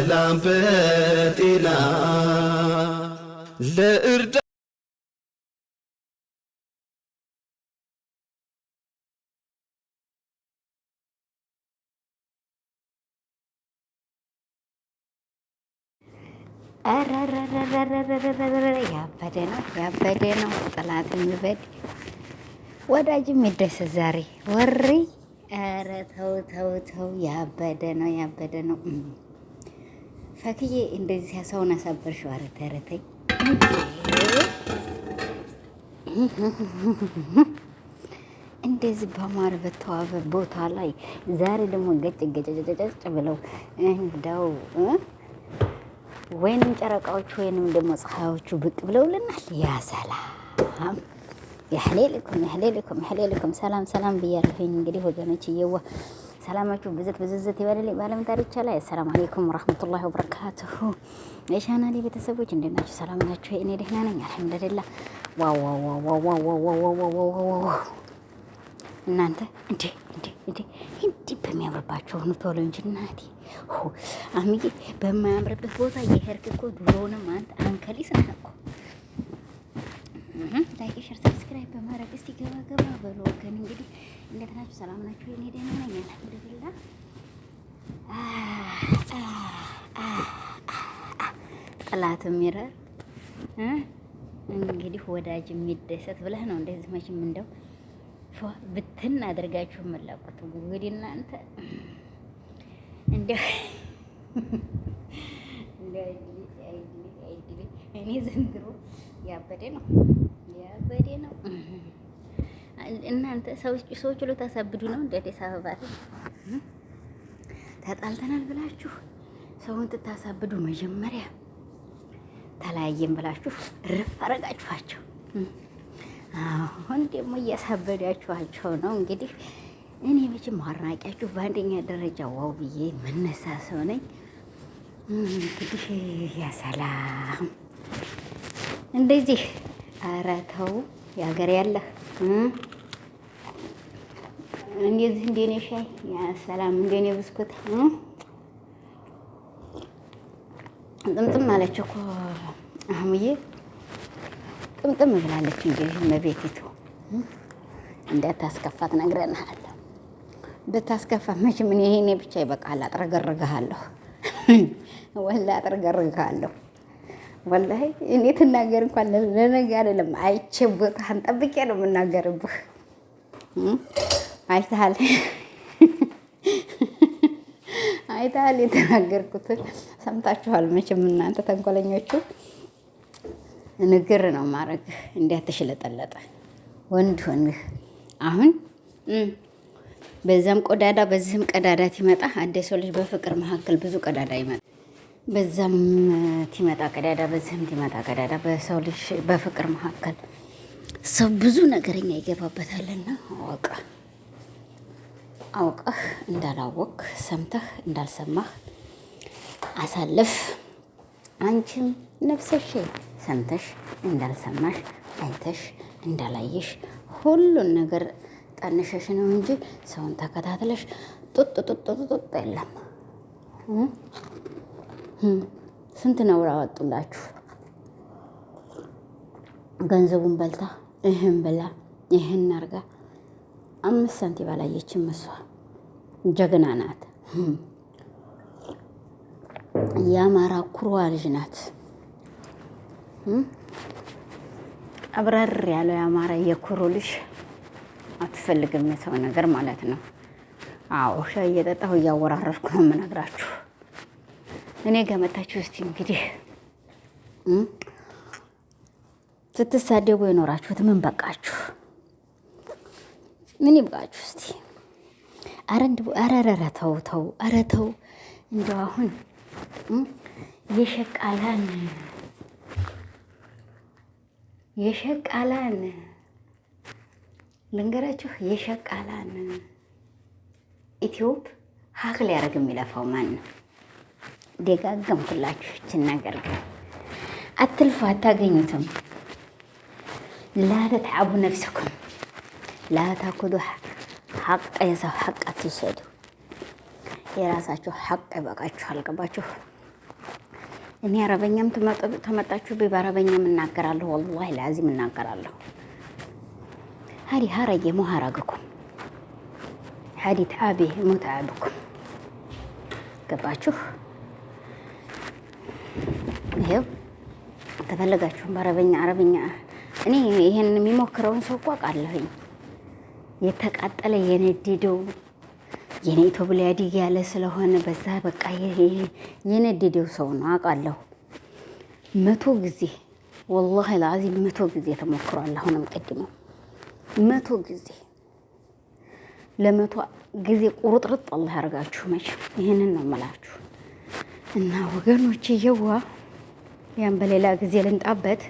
በሰላም በጤና ለእርዳ ያበደ ነው ያበደ ነው ጠላት የሚበድ ወዳጅ የሚደሰት ዛሬ ወሬ ኧረ ተው ተው ተው ያበደ ነው ያበደ ነው። ፈክዬ እንደዚህ ሰውን አሳበርሽው። ኧረ ተረተኝ እንደዚህ በማር በተዋበ ቦታ ላይ ዛሬ ደግሞ ገጭ ገጨጨጨጭ ብለው እንደው ወይንም ጨረቃዎቹ ወይንም ደግሞ ፀሐዮቹ ብቅ ብለውልናል። ያ ሰላም ያህሌልኩም ያህሌልኩም ያህሌልኩም። ሰላም ሰላም ብያለሁኝ እንግዲህ ወገኖች እየዋ ሰላማችሁ ብዝት ብዝዝት ይበልልኝ። በዓለም ዳርቻ ላይ አሰላሙ አለይኩም ወራህመቱላሂ ወበረካቱሁ። የቻናሌ ቤተሰቦች እንዴት ናችሁ? ሰላም ናችሁ? እኔ ደህና ነኝ አልሐምዱሊላህ። ዋው እናንተ እንዴ እንዴ እንዴ እንዴ! በሚያምርባቸው ነው ቶሎ እንጂ እናቴ አሚዬ፣ በማያምርበት ቦታ የሄድክ እኮ ድሮውንም አንተ አንከሊስ ነህ እኮ ላይክ፣ ሸር፣ ሰብስክራይብ በማድረግ እስቲ ገባ ገባ በሉ ወገን። እንግዲህ እንዴት ናችሁ? ሰላም ናችሁ? እኔ ደህና ነኝ አልሐምዱሊላህ። ጠላት የሚረር እንግዲህ ወዳጅ የሚደሰት ብለህ ነው እንደዚህ መቼም እንደው ብትን አድርጋችሁ የምለቁት እንግዲህ እናንተ እንደው እኔ ዘንድሮ ያበደ ነው። ያበዴ ነው እናንተ ሰዎች ሁሉ ታሳብዱ ነው እንደ አዲስ አበባ ተጣልተናል ብላችሁ ሰውን ትታሳብዱ። መጀመሪያ ተለያየን ብላችሁ ርፍ አረጋችኋቸው። አሁን ደግሞ እያሳበዳችኋቸው ነው። እንግዲህ እኔ መቼም አድናቂያችሁ በአንደኛ ደረጃ ዋው ብዬ መነሳ ሰው ነኝ። እንግዲህ ያሰላም እንደዚህ ኧረ ተው ያገር ያለህ እንደዚህ እንደኔ ሻይ ሰላም እንደኔ ብስኩት ጥምጥም አለች እኮ አህሙዬ ጥምጥም ብላለች እንጂ መቤቲቱ እንዳታስከፋት ነግረናሃል። ብታስከፋ መቼም እኔ ብቻ ይበቃል፣ አጥረገርግሃለሁ ወላ አጥረገርግሃለሁ። ወላሂ እኔ ትናገር እንኳን ለነገ አይደለም አይቼ ቦታህን ጠብቄ ነው የምናገርብህ። አይተሃል አይተሃል፣ የተናገርኩትን ሰምታችኋል መቼም እናንተ ተንኮለኞቹ። ንግር ነው ማድረግህ እንዲያተሽለጠለጠ ወንድ ሆንህ አሁን በዛም ቆዳዳ በዚህም ቀዳዳ ይመጣ። አዲስ ልጅ በፍቅር መካከል ብዙ ቀዳዳ ይመጣ። በዛም ቲመጣ ቀዳዳ፣ በዚህም ቲመጣ ቀዳዳ። በሰው ልጅ በፍቅር መካከል ሰው ብዙ ነገረኛ ይገባበታልና አወቀ አውቀህ እንዳላወቅ ሰምተህ እንዳልሰማህ አሳልፍ። አንቺም ነፍሰሽ ሰምተሽ እንዳልሰማሽ አይተሽ እንዳላየሽ ሁሉን ነገር ጠንሸሽ ነው እንጂ ሰውን ተከታትለሽ ጡጥ ጡጥ ጡጥ የለም። ስንት ነውር አወጡላችሁ። ገንዘቡን በልታ ይህን ብላ ይህን አርጋ አምስት ሳንቲም ባላየችም እሷ ጀግና ናት። የአማራ ኩሯ ልጅ ናት። አብረር ያለው የአማራ የኩሮ ልጅ አትፈልግም የሰው ነገር ማለት ነው። አዎ ሻይ እየጠጣሁ እያወራረድኩ ነው የምነግራችሁ። እኔ ጋር መጣችሁ። እስቲ እንግዲህ ስትሳደቡ የኖራችሁት ምን በቃችሁ? ምን ይብቃችሁ እስቲ። አረ አረረረ ተው ተው፣ አረ ተው። እንደው አሁን የሸቃላን የሸቃላን ልንገራችሁ፣ የሸቃላን ኢትዮፕ ሀክል ያደረግ የሚለፋው ማን ነው? ደጋገምኩላችሁ። ይችን ነገር ግን አትልፉ፣ አታገኙትም። ላተትዓቡ ነፍሰኩም ላታኩዱ ሐቅ የሰው ሐቅ አትውሰዱ። የራሳችሁ ሐቅ ይበቃችሁ። አልገባችሁ? እኔ አረበኛም ተመጣችሁ በአረበኛም እናገራለሁ። ወላሂ ለአዚም እናገራለሁ። ሀዲ ሀረጌ ሞ ሀረግኩም ሀዲ ተዓቢ ሞ ተዓብኩም ገባችሁ? ይሄው ተፈለጋችሁም በአረበኛ አረበኛ እኔ ይሄን የሚሞክረውን ሰው እኮ አውቃለሁኝ። የተቃጠለ የነደደው የኔ ኢትዮብላ ያድግ ያለ ስለሆነ በዛ በቃ የነደደው ሰው ነው አውቃለሁ። መቶ ጊዜ ወላሂ ለአዚም መቶ ጊዜ ተሞክሯል። አሁንም ቅድሞ መቶ ጊዜ ለመቶ ጊዜ ቁርጥርጥ አላህ ያደርጋችሁ። መቼም ይህንን ነው የምላችሁ። እና ወገኖች የዋ ያን በሌላ ጊዜ ልንጣበት።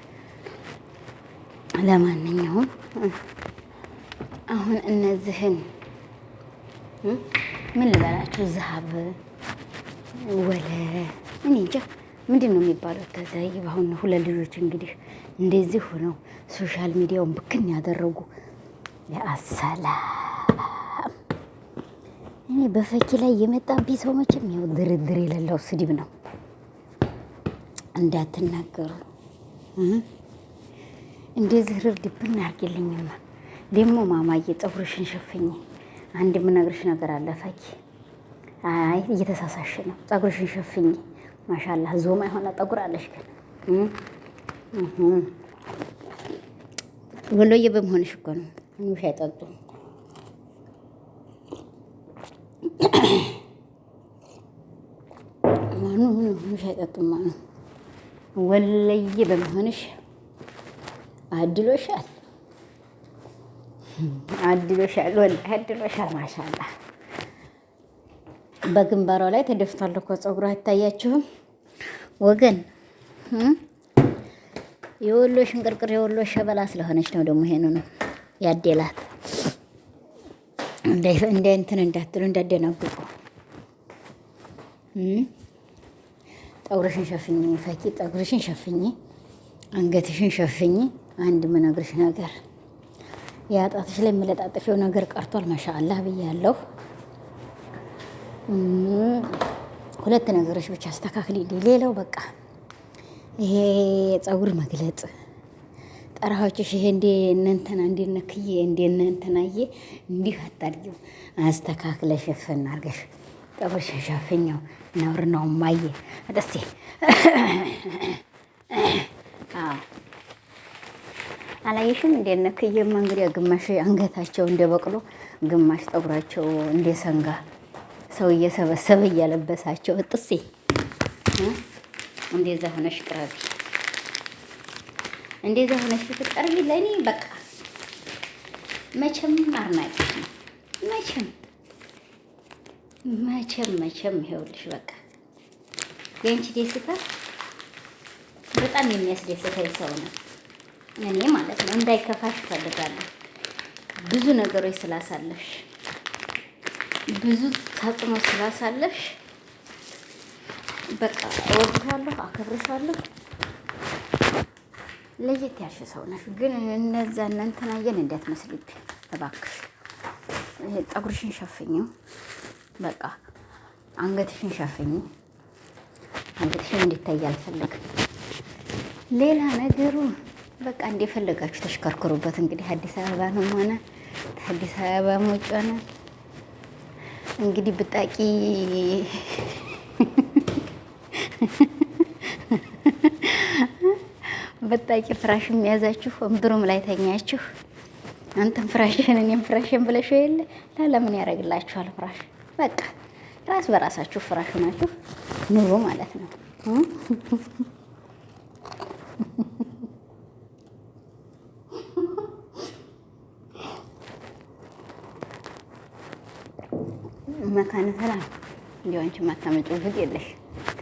ለማንኛውም አሁን እነዚህን ምን ልበላችሁ ዛሀብ ወለ እኔ እንጃ ምንድን ነው የሚባለው? ተዘይ በአሁን ሁለት ልጆች እንግዲህ እንደዚህ ሆነው ሶሻል ሚዲያውን ብክን ያደረጉ ለአሰላ እኔ በፈኪ ላይ የመጣብኝ ሰው መቼም ያው ድርድር የሌለው ስድብ ነው። እንዳትናገሩ እንደዚህ ርብድ ብን አርግልኝማ። ደግሞ ማማዬ ፀጉርሽን ሸፍኝ። አንድ የምነግርሽ ነገር አለ ፈኪ። አይ እየተሳሳሽ ነው። ፀጉርሽን ሸፍኝ። ማሻላ ዞማ የሆነ ጠጉር አለሽ ግን ወሎዬ በመሆንሽ እኮ ነው። እንሽ አይጠጡም ማንም ምን ሆነሽ አይጠጡም ማለት ወለየ በመሆንሽ አድሎሻል፣ አድሎሻል፣ ወላሂ አድሎሻል። ማሻአላ በግንባሯ ላይ ተደፍቷል እኮ ፀጉሯ አይታያችሁም ወገን። የወሎ ሽንቅርቅር የወሎ ሸበላ ስለሆነች ነው ደግሞ ያደላት። እንዳይንትን እንዳትሉ እንዳደናግጡ ጠጉርሽን ሸፍኝ ፈኪ፣ ጠጉርሽን ሸፍኝ፣ አንገትሽን ሸፍኝ። አንድ ምነግርሽ ነገር የአጣትሽ ላይ የሚለጣጠፊው ነገር ቀርቷል። ብዬ ብያለሁ። ሁለት ነገሮች ብቻ አስተካክል። ሌላው በቃ ይሄ ፀጉር መግለጽ ጠራዎችሽ ይሄ እንደ እነንተና እንደ እነ ክዬ እንደ እነንተናዬ እንዲህ አታድጊው፣ አስተካክለሽ ሸፈን አርገሽ ጠጉርሽን ሸፍኛው። ነውር ነው ማየ ደሴ አላየሽም? እንደ እነ ክዬማ ግማሽ አንገታቸው እንደ በቅሎ፣ ግማሽ ጠጉራቸው እንደ ሰንጋ ሰው እየሰበሰበ እያለበሳቸው ጥሴ እንደዛ ሆነሽ ቅረቢ። እንደዛ ሆነሽ ብትቀርቢ ለእኔ በቃ መቼም አድናቂሽ ነው። መቼም መቼም መቼም ይኸውልሽ በቃ የአንቺ ደስታ በጣም የሚያስደስተኝ ሰው ነው እኔ ማለት ነው። እንዳይከፋሽ እፈልጋለሁ። ብዙ ነገሮች ስላሳለፍሽ፣ ብዙ ተጽዕኖ ስላሳለፍሽ በቃ እወድሻለሁ፣ አከብርሻለሁ። ለየት ያልሽ ሰው ነሽ። ግን እነዛ እናንተናየን እንዳትመስልብኝ እባክሽ። ጠጉርሽን ሸፍኝው፣ በቃ አንገትሽን ሸፍኝ። አንገትሽን እንዲታይ አልፈልግም። ሌላ ነገሩ በቃ እንደፈለጋችሁ ተሽከርክሩበት። እንግዲህ አዲስ አበባ ነው ሆነ አዲስ አበባ ውጭ ሆነ እንግዲህ ብጣቂ በጣቂ ፍራሽ የሚያዛችሁ ወንብሩም ላይ ተኛችሁ አንተም ፍራሽን እኔም ፍራሽን ብለሽ የለ ለምን ያደርግላችኋል? ፍራሽ በቃ ራስ በራሳችሁ ፍራሽ ናችሁ ኑሮ ማለት ነው። መካነ ሰላም እንዲያው አንቺ ማታመጪው ግድ የለሽ።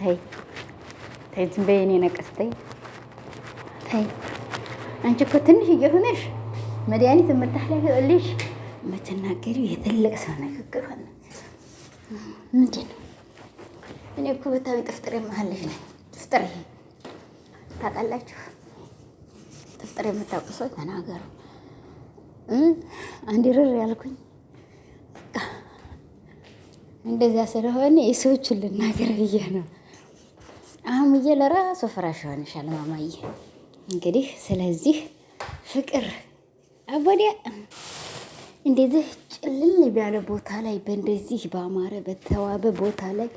ተይ ተይ፣ ዝም በይ። ነቀስተይ ተይ አንቺ እኮ ትንሽ እየሆነሽ መድኃኒት የምታህልልሽ የምትናገሪው የትልቅ ሰው ንግግር ሆነ። ምንድን ነው? እኔ እኮ በጣም ጥፍጥሬ መሀል ነኝ። ጥፍጥሬ ታውቃላችሁ። ጥፍጥሬ የምታውቁ ሰው ተናገሩ። አንድ ርር ያልኩኝ በቃ እንደዚያ ስለሆነ የሰዎችን ልናገር ብዬ ነው። አሁን ብዬ ለራሱ ፍራሽ ሆንሻል ማማዬ እንግዲህ ስለዚህ ፍቅር አወዲያ እንደዚህ ጭልል ያለ ቦታ ላይ በእንደዚህ በአማረ በተዋበ ቦታ ላይ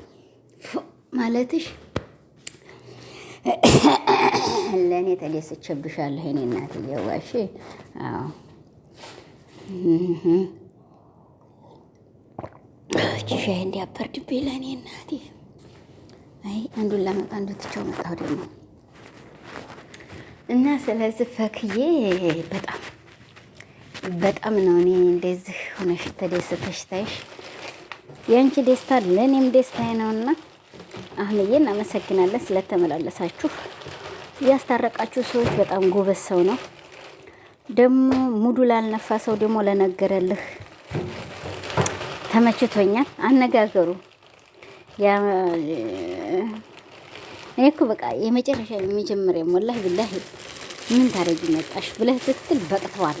ማለትሽ ለእኔ ተደስቼብሻለሁ። እኔ እናት እየዋሽ ሻይ እንዲያበርድብኝ ለእኔ እናቴ። አይ አንዱን ለመጣ አንዱ ትቸው መጣሁ ደግሞ እና ስለዚህ ፈክዬ በጣም በጣም ነው እኔ እንደዚህ ሆነሽ ተደስተሽ ታይሽ የአንቺ ደስታ ለእኔም ደስታዬ ነውና አህምዬ እናመሰግናለን። ስለተመላለሳችሁ ያስታረቃችሁ ሰዎች በጣም ጎበዝ ሰው ነው። ደግሞ ሙዱ ላልነፋ ሰው ደግሞ ለነገረልህ ተመችቶኛል አነጋገሩ እኔ እኮ በቃ የመጨረሻ የመጀመሪያ ሞላ ብላሂ ምን ታደርጊ መጣሽ ብለህ ስትል በቅተዋል።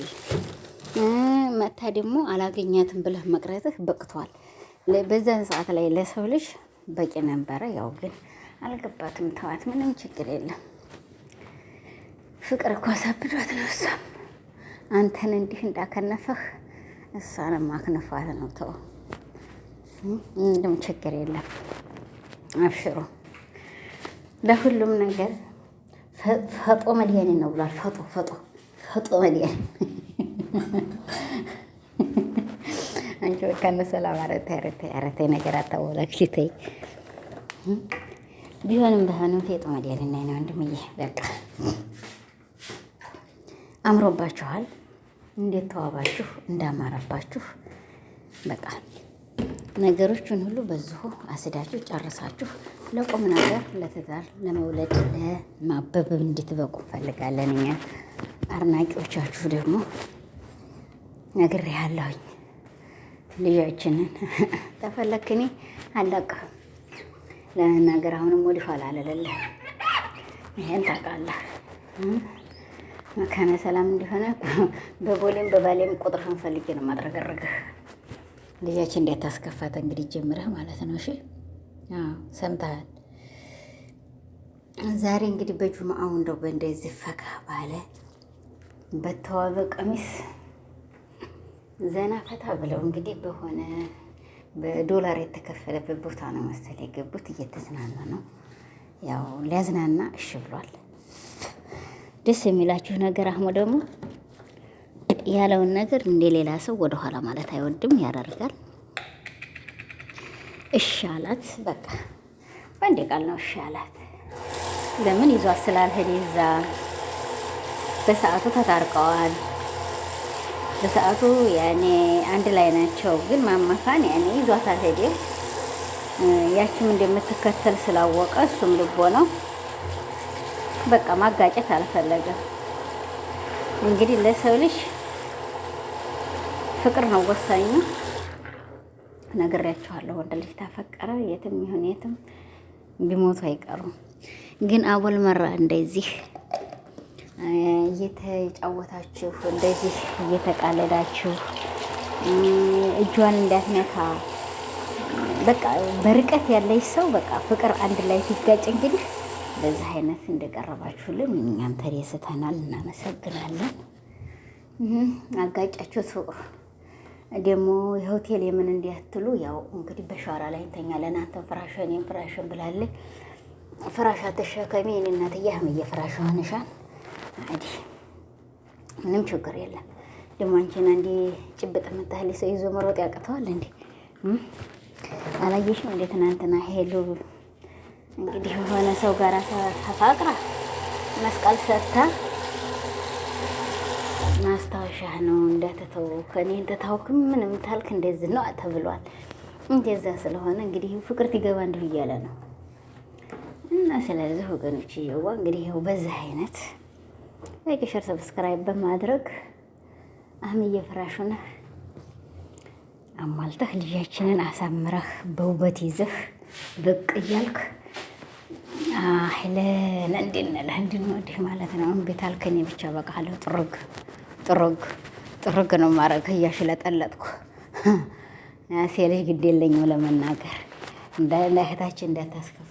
መታ ደግሞ አላገኛትም ብለህ መቅረትህ በቅተዋል። በዛን ሰዓት ላይ ለሰው ልጅ በቂ ነበረ። ያው ግን አልገባትም። ተዋት፣ ምንም ችግር የለም። ፍቅር እኮ አሳብዷት ነው። እሷም አንተን እንዲህ እንዳከነፈህ እሷንም አክነፋት ነው። ተው፣ ምንም ችግር የለም። አብሽሩ ለሁሉም ነገር ፈጦ መድያኔ ነው ብሏል። ፈጦ ፈጦ ፈጦ መድያኔ አንቺ ወካነ ሰላም አረተ አረተ አረተ ነገር አታወላክሽ ተይ። ቢሆንም ባይሆንም ፌጦ መድያኔ ነው ወንድምዬ። በቃ አምሮባችኋል። እንዴት ተዋባችሁ እንዳማረባችሁ። በቃ ነገሮችን ሁሉ በዚሁ አስዳችሁ ጨርሳችሁ ለቁም ነገር ለትዳር ለመውለድ ለማበብ እንድትበቁ እንፈልጋለን። እኛ አድናቂዎቻችሁ ደግሞ ነግሬ ያለሁኝ ልጆችንን ተፈለክኔ አለቀ ለነገር አሁንም ወዲህ ኋላ አለለለ ይሄን ታውቃለህ። መካነ ሰላም እንዲሆነ በቦሌም በባሌም ቁጥርህን ፈልጌ ነው ማድረገርግህ ልጃችን ታስከፋት እንግዲህ ጀምረህ ማለት ነው። እሺ ሰምተሃል። ዛሬ እንግዲህ በጁምአው እንደው በእንደዚህ ፈካ ባለ በተዋበ ቀሚስ ዘና ፈታ ብለው እንግዲህ በሆነ በዶላር የተከፈለበት ቦታ ነው መሰለኝ የገቡት። እየተዝናና ነው ያው ሊያዝናና እሽ ብሏል። ደስ የሚላችሁ ነገር አህሙ ደግሞ ያለውን ነገር እንደ ሌላ ሰው ወደኋላ ማለት አይወድም፣ ያደርጋል። እሺ አላት። በቃ በአንድ ቃል ነው እሺ አላት። ለምን ይዟት ስላልሄደ እዛ በሰዓቱ ተታርቀዋል። በሰዓቱ ያኔ አንድ ላይ ናቸው፣ ግን ማማካን ያኔ ይዟት አልሄደም። ያችም እንደምትከተል ስላወቀ እሱም ልቦ ነው በቃ ማጋጨት አልፈለገም። እንግዲህ ለሰው ልጅ ፍቅር ነው ወሳኙ። ነግሬያችኋለሁ። ወንድ ልጅ ታፈቀረ የትም ይሁን የትም ቢሞቱ አይቀሩም። ግን አቦል መራ እንደዚህ እየተጫወታችሁ እንደዚህ እየተቃለዳችሁ እጇን እንዳትነካ በቃ በርቀት ያለች ሰው በቃ ፍቅር አንድ ላይ ሲጋጭ እንግዲህ በዚህ አይነት እንደቀረባችሁልን እኛም ተደስተናል። እናመሰግናለን። አጋጫችሁ ደግሞ የሆቴል የምን እንዲያትሉ ያው እንግዲህ በሸራ ላይ እንተኛለን። አንተን ፍራሽ እኔም ፍራሽን ብላለች። ፍራሽ አትሸከሚ የእኔ እናትዬ አህምዬ ፍራሽ ሆንሻል። አዲ ምንም ችግር የለም። ደግሞ አንቺን አንዴ ጭብጥ የምታህል ሰው ይዞ መሮጥ ያቅተዋል እንዴ? አላየሽም እንዴ ትናንትና ሄሉ እንግዲህ የሆነ ሰው ጋር ተፋቅራ መስቀል ሰጥታ ማስታወሻ ነው እንዳትተው፣ ከእኔን ተታውክ ምንም ታልክ እንደዚህ ነው ተብሏል። እንደዛ ስለሆነ እንግዲህ ፍቅር ትገባ እንዲሁ እያለ ነው እና ስለዚህ ወገኖች እየዋ እንግዲህ ው በዚህ አይነት ላይክ፣ ሸር፣ ሰብስክራይብ በማድረግ አሁን እየፍራሹ እየፍራሹን አሟልተህ ልጃችንን አሳምረህ በውበት ይዘህ ብቅ እያልክ አህለን እንድንልህ እንድንወድህ ማለት ነው። ቤታልከኔ ብቻ በቃ አለው ጥርግ ጥሩግ ጥሩግ ነው ማረገው እያሽለጠለጥኩ ያሴ ልጅ ግድ የለኝም ለመናገር እንዳይታችን እንዳታስከፋ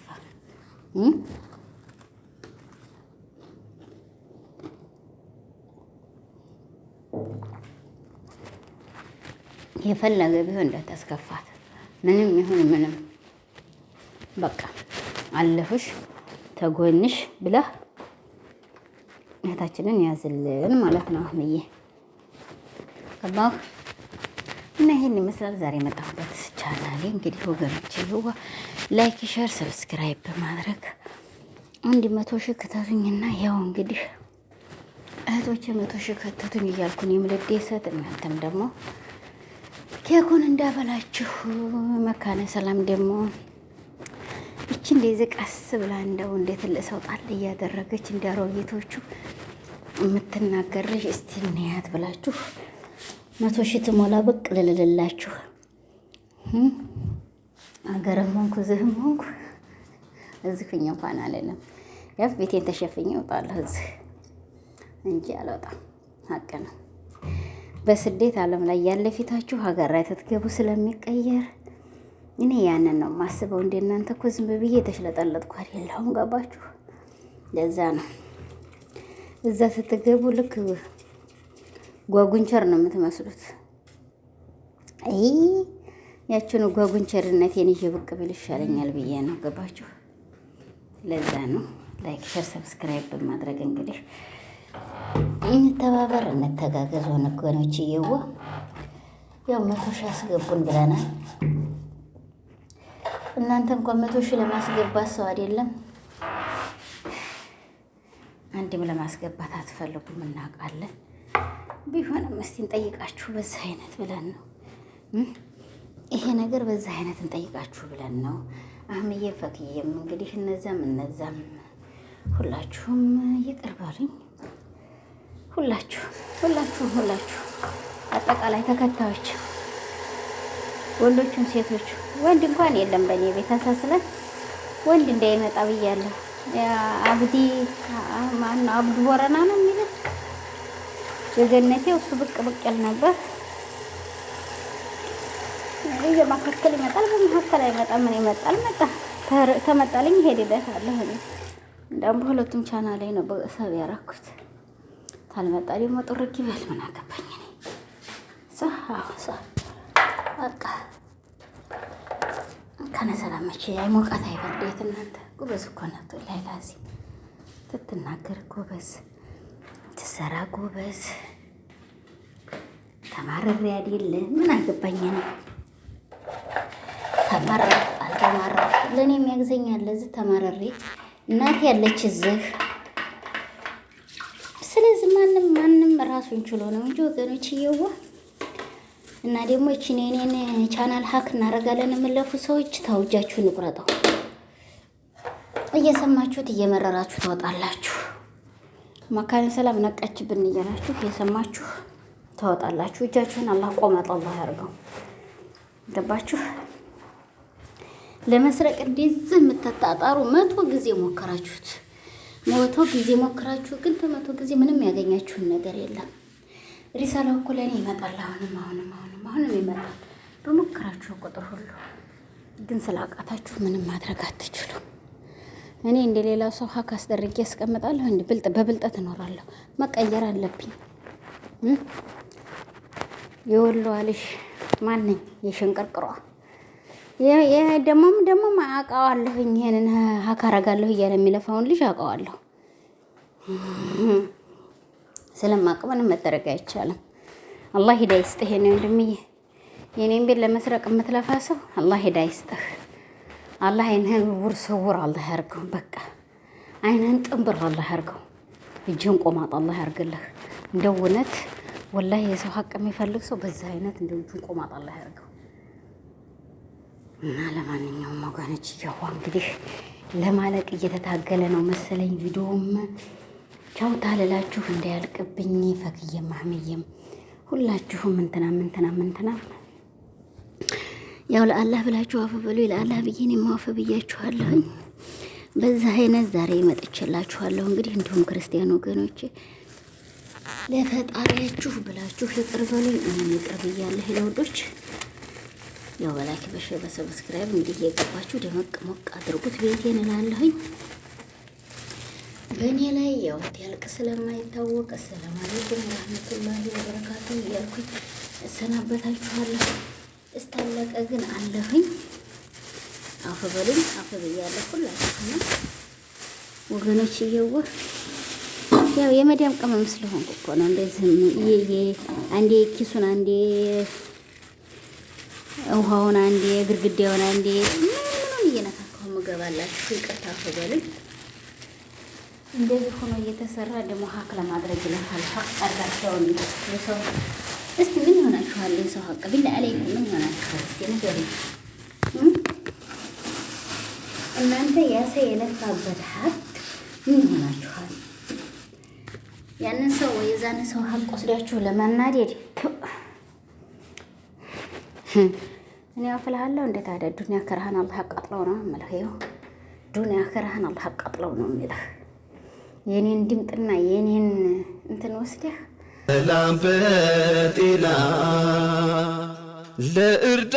የፈለገ ቢሆን እንዳታስከፋት። ምንም ይሁን ምንም በቃ አለፍሽ ተጎንሽ ብለህ እህታችንን ያዝልን ማለት ነው። አህምዬ ገባሁ እና ይሄን ይመስላል ዛሬ የመጣሁበት ቻናል። እንግዲህ ወገኖች ይዋ ላይክ፣ ሸር፣ ሰብስክራይብ በማድረግ አንድ መቶ ሺህ ክተቱኝና ያው እንግዲህ እህቶች መቶ ሺህ ከተቱኝ እያልኩን የምልድ ሰጥ እናንተም ደግሞ ኬኩን እንዳበላችሁ መካነ ሰላም ደግሞ እንደዚህ ቀስ ብላ እንደው እንደ ትልቅ ጣል እያደረገች እንደ አሮጌቶቹ የምትናገር እስቲ እንያት ብላችሁ መቶ ሺህ ትሞላ ብቅ ልልልላችሁ። አገርም ሆንኩ ዝህም ሆንኩ እዚህ እንኳን አለንም ያፍ ቤቴን ተሸፍኝ እወጣለሁ እዚህ እንጂ አልወጣም። ሀቅ ነው። በስደት ላይ ያለ ፊታችሁ ሀገር ላይ ስትገቡ ስለሚቀየር እኔ ያንን ነው ማስበው። እንደ እናንተ እኮ ዝም ብዬ የተሽለጠለጥኩ አይደለሁም። ገባችሁ? ለዛ ነው እዛ ስትገቡ ልክ ጓጉንቸር ነው የምትመስሉት። አይ ያችን ጓጉንቸርነት የኔ ብቅ ብል ይሻለኛል ብዬ ነው። ገባችሁ? ለዛ ነው ላይክ፣ ሸር፣ ሰብስክራይብ በማድረግ እንግዲህ እንተባበር፣ እንተጋገዝ። ሆነ ገኖች እየዋ ያው መቶ ሺህ አስገቡን ብለናል። እናንተ እንኳን መቶ ሺህ ለማስገባት ሰው አይደለም አንድም ለማስገባት አትፈልጉም፣ እናውቃለን። ቢሆንም እስቲ እንጠይቃችሁ በዛ አይነት ብለን ነው ይሄ ነገር በዛ አይነት እንጠይቃችሁ ብለን ነው። አህምዬ ፈክዬም እንግዲህ እነዛም እነዛም ሁላችሁም ይቅር በሉኝ። ሁላችሁም ሁላችሁም ሁላችሁ አጠቃላይ ተከታዮች ወንዶቹም ሴቶቹ ወንድ እንኳን የለም በእኔ ቤት አሳስለን ወንድ እንዳይመጣ ብያለሁ። አብዲ ማን ነው? አብዱ ቦረና ነው የሚለው የገነቴ እሱ ብቅ ብቅ ያል ነበር። ይሄ በመካከል ይመጣል፣ በመካከል አይመጣም። ምን ይመጣል? መጣ ተመጣልኝ እሄድለታለሁ። እኔ እንደውም በሁለቱም ቻና ላይ ነው በሰብ ያደረኩት። ታልመጣ ደግሞ ጥርክ ይበል ምን አገባኝ እኔ ሳ ሳ በቃ ከነ ሰላመች አይሞቃት አይበርዴት። እናንተ ጎበዝ እኮ ናት ላይ ላዚ ትትናገር ጎበዝ፣ ትሰራ ጎበዝ። ተማረር ያደለ ምን አገባኝ ነው ተማረር አልተማረር ለእኔ የሚያግዘኝ አለ እዚህ ተማረሬ እናት ያለች እዚህ። ስለዚህ ማንም ማንም ራሱን ችሎ ነው እንጂ ወገኖች እየዋ እና ደግሞ እችን የኔን ቻናል ሀክ እናደርጋለን የምለፉ ሰዎች ታውጃችሁ ንቁረጠው እየሰማችሁት እየመረራችሁ ታወጣላችሁ። መካነ ሰላም ነቃችብን እያላችሁ እየሰማችሁ ታወጣላችሁ። እጃችሁን አላህ ቆመጠ አላህ ያርገው። ገባችሁ? ለመስረቅ እንደዚህ የምትጣጣሩ መቶ ጊዜ ሞከራችሁት፣ መቶ ጊዜ ሞከራችሁ፣ ግን ተመቶ ጊዜ ምንም ያገኛችሁን ነገር የለም። ሪሳላ እኮ ለእኔ ይመጣል አሁንም አሁንም አሁን አይሰራም። አሁንም ይመጣል። በሞከራችሁ ቁጥር ሁሉ ግን ስላቃታችሁ ምንም ማድረግ አትችሉ እኔ እንደ ሌላ ሰው ሀክ አስደርጌ ያስቀምጣለሁ። እንደ ብልጥ በብልጠት እኖራለሁ። መቀየር አለብኝ። የወሎ ልጅ ማነኝ? የሸንቀርቅሯ ደግሞም ደግሞም አውቃዋለሁኝ። ይሄንን ሀክ አረጋለሁ እያለ የሚለፋውን ልጅ አውቃዋለሁ። ስለማቅ ምንም መደረግ አይቻልም። አላህ ሂዳ ይስጥህ የኔ ወንድምዬ። የኔን ቤት ለመስረቅ የምትለፋ ሰው አላህ ሂዳ ይስጥህ። አላህ አይንህን ውር ስውር አላህ ያርገው። በቃ አይንህን ጥንብር አላህ ያርገው። እጅህን ቆማጣ አላህ ያርግልህ። እንደው እውነት ወላሂ የሰው ሀቅ የሚፈልግ ሰው በዚህ አይነት እንደው እጁን ቆማጣ አላህ ያርገው። እና ለማንኛውም ወገኖች እያዋ እንግዲህ ለማለቅ እየተታገለ ነው መሰለኝ ቪዲዮም ቻው ታልላችሁ እንዳያልቅብኝ ፈክዬም አህመዬም ሁላችሁም እንትና ምንትና ምንትና ያው ለአላህ ብላችሁ አፉ በሉ። ለአላህ ብዬ እኔም አፉ ብያችኋለሁኝ። በዛ አይነት ዛሬ መጥቼላችኋለሁ። እንግዲህ እንዲሁም ክርስቲያን ወገኖች ለፈጣሪያችሁ ብላችሁ ይቅር በሉኝ። እኔም ይቅር ብያለሁ። ለውዶች ያው በላኪ በሸ በሰብስክራይብ እንግዲህ እየገባችሁ ደመቅ ሞቅ አድርጉት ቤቴን እላለሁኝ። በእኔ ላይ ያው ያልቅ ስለማይታወቅ አሰላሙ አለይኩም ወራህመቱላሂ ወበረካቱ እያልኩኝ እሰናበታችኋለሁ። እስታለቀ ግን አለፈኝ። አፍ በሉኝ፣ አፍ ብያለሁ ሁላችሁም ወገኖች እየወ ያው የመዳም ቅመም ስለሆንኩ እኮ ነው እንደዚህ እየየ አንዴ ኪሱን፣ አንዴ ውሃውን፣ አንዴ ግርግዳውን፣ አንዴ ምንም እየነካካሁ ምገባላችሁ። ይቅርታ አፍ በሉኝ። እንደዚህ ሆኖ እየተሰራ ደግሞ ሀቅ ለማድረግ ይለፋል። ሀቅ አድራሻውን የሰው እስቲ ምን ይሆናችኋል? የሰው ሀቅ ቢላ አለይኩም ምን ይሆናችኋል? እስቲ ነገሩ እናንተ ያሰ የለፋበት ሀቅ ምን ይሆናችኋል? ያንን ሰው ወይ የዛን ሰው ሀቅ ወስዳችሁ ለመናደድ እኔ አፍልሃለሁ። እንዴት አደ ዱኒያ ከረሃን አላህ አቃጥለው ነው የምልህ። ይኸው ዱኒያ ከረሃን አላህ አቃጥለው ነው የሚልህ የኔን ድምጥና የኔን እንትን ወስደህ ሰላም በጤና ለእርዳ